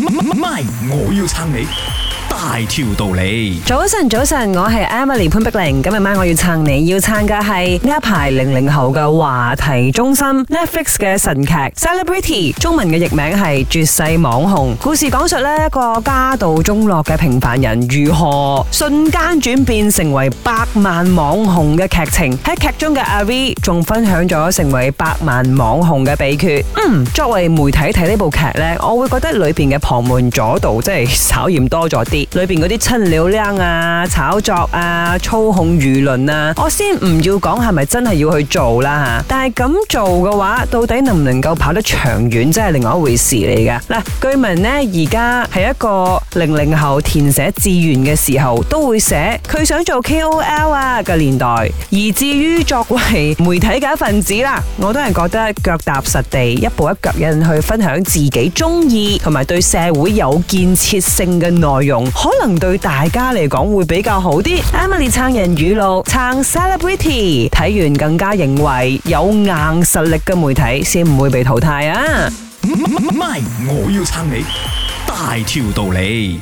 MY，我要撐你。大條道理，早晨早晨，我係 Emily 潘碧玲。今日晚我要撐你，要撐嘅係呢一排零零後嘅話題中心 Netflix 嘅神劇 Celebrity，中文嘅譯名係絕世網紅。故事講述呢一個家道中落嘅平凡人如何瞬間轉變成為百萬網紅嘅劇情。喺劇中嘅阿 V 仲分享咗成為百萬網紅嘅秘訣。嗯，作為媒體睇呢部劇呢，我會覺得裏邊嘅旁門左道即係稍嫌多咗啲。裏面嗰啲親鳥靚啊、炒作啊、操控輿論啊，我先唔要講係咪真係要去做啦。但係咁做嘅話，到底能唔能夠跑得長遠，真係另外一回事嚟㗎。嗱，據聞呢，而家係一個零零後填寫志願嘅時候都會寫佢想做 KOL 啊嘅年代。而至於作為媒體嘅一份子啦，我都係覺得腳踏實地，一步一腳印去分享自己中意同埋對社會有建設性嘅內容。可能對大家嚟講會比較好啲。Emily 撐人語錄，撐 Celebrity，睇完更加認為有硬實力嘅媒體先唔會被淘汰啊！唔係，我要撐你，大條道理。